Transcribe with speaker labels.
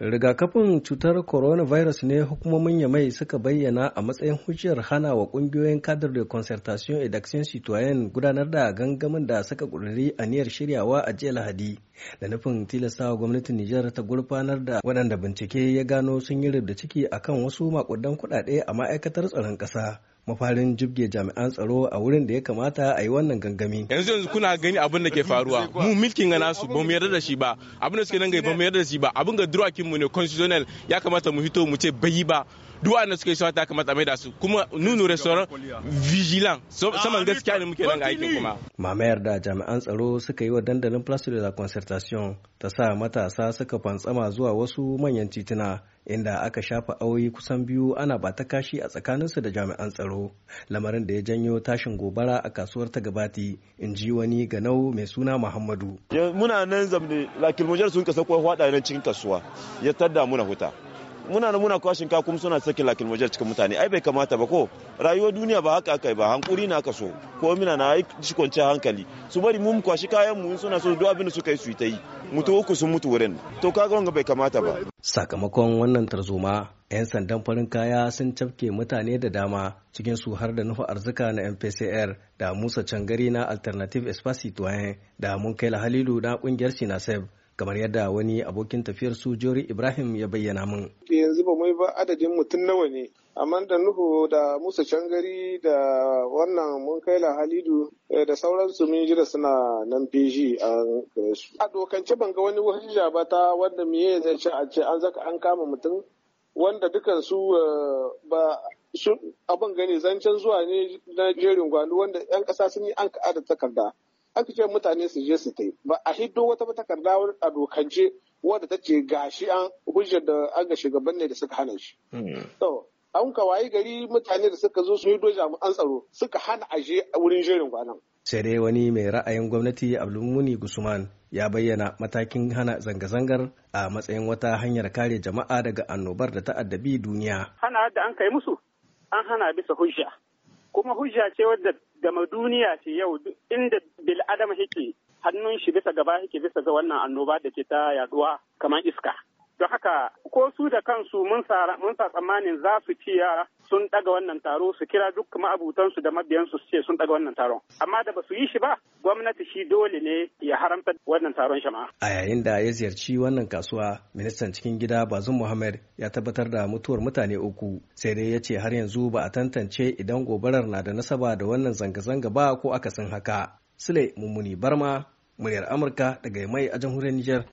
Speaker 1: rigakafin cutar coronavirus ne hukumomin yamai suka bayyana a matsayin hujjar hana wa kungiyoyin kadar da concertation et d'action citoyen gudanar da gangamin da suka ƙudiri aniyar shiryawa a jiya lahadi da nufin tilastawa gwamnatin nijar ta gurfanar da waɗanda bincike ya gano sun yi rubda ciki akan wasu makudan kuɗaɗe a ma'aikatar tsaron ƙasa mafarin jibge jami'an tsaro a wurin da ya kamata a yi wannan gangami
Speaker 2: yanzu yanzu kuna gani abin da ke faruwa mu milkin ga nasu ba mu yarda da shi ba abin da suke nan ba mu yarda da shi ba abin ga durakin mu ne constitutional ya kamata mu hito mu ce bai ba duk wanda suka yi sata kamata mai da su kuma nunu restaurant vigilant ah, saman gaskiya ne muke nan aikin kuma
Speaker 1: mamayar da jami'an tsaro suka yi wa dandalin Place de la Concertation ta sa matasa suka fantsama zuwa wasu manyan tituna inda aka shafa awoyi kusan biyu ana ba ta kashi a tsakaninsu da jami'an tsaro lamarin da ya janyo tashin gobara a kasuwar ta gabati in ji wani ganau mai suna muhammadu
Speaker 2: muna nan zamne lakilmujar sun kasa kuwa hwada nan cikin kasuwa ya tadda muna huta muna da muna kawo kuma suna sakin lakin wajen cikin mutane ai bai kamata ba ko rayuwar duniya ba haka aka ba hankuri na aka so ko mina na ai shi hankali su bari mu kwashi kayan mu suna so duk abin da suka yi su ta yi mutu uku sun mutu wurin to kaga wanga bai kamata ba
Speaker 1: sakamakon wannan tarzoma 'yan sandan farin kaya sun cafke mutane da dama cikin su har da nufa arzika na mpcr da musa cangari na alternative espace citoyen da mun kai halilu na kungiyar sinasef kamar yadda wani abokin tafiyar su Jori Ibrahim ya bayyana mun
Speaker 3: Yanzu ba mai ba adadin mutum nawa ne, amma da Nuhu da Musa Cangari da wannan mun kai Halidu eh, da sauransu mun jira suna nan feji a su. A dokance ban ga wani hujja ba ta wanda miye zai ce a ce an zaka an kama mutum wanda dukan eh, su ba abin gani zancen zuwa ne na jerin gwanu wanda 'yan ƙasa sun yi an ka'ada takarda. aka ce mutane su je su tai ba a hiddo wata takarda a dokance wadda ta ce gashi an hujjar da an ga shugaban ne da suka hana shi. Hmm. To an kawai gari mutane da suka zo su hiddo jami'an tsaro suka hana je wurin jerin kwanan.
Speaker 1: sai dai wani mai ra'ayin gwamnati abdulmuni gusman ya bayyana matakin hana zanga-zangar a matsayin wata hanyar kare jama'a daga annobar da ta'addabi duniya
Speaker 2: hana da an kai musu an hana bisa hujja kuma hujja ce wadda gama duniya ce yau inda bil adam yake hannun shi bisa gaba yake bisa ga wannan annoba da ke ta yaduwa kamar iska Don haka ko su da kansu mun sa tsammanin za su ci yara sun daga wannan taro su kira duk ma'abutansu da mabiyansu su ce sun daga wannan taron. Amma da ba su yi shi ba gwamnati shi dole ne ya haramta wannan taron shama.
Speaker 1: A yayin da ya ziyarci wannan kasuwa ministan cikin gida Bazum Muhammad ya tabbatar da mutuwar mutane uku sai dai ya ce har yanzu ba a tantance idan gobarar na da nasaba da wannan zanga-zanga ba ko akasin haka. Sule Mummuni Barma, muryar Amurka daga mai a jamhuriyar Nijar.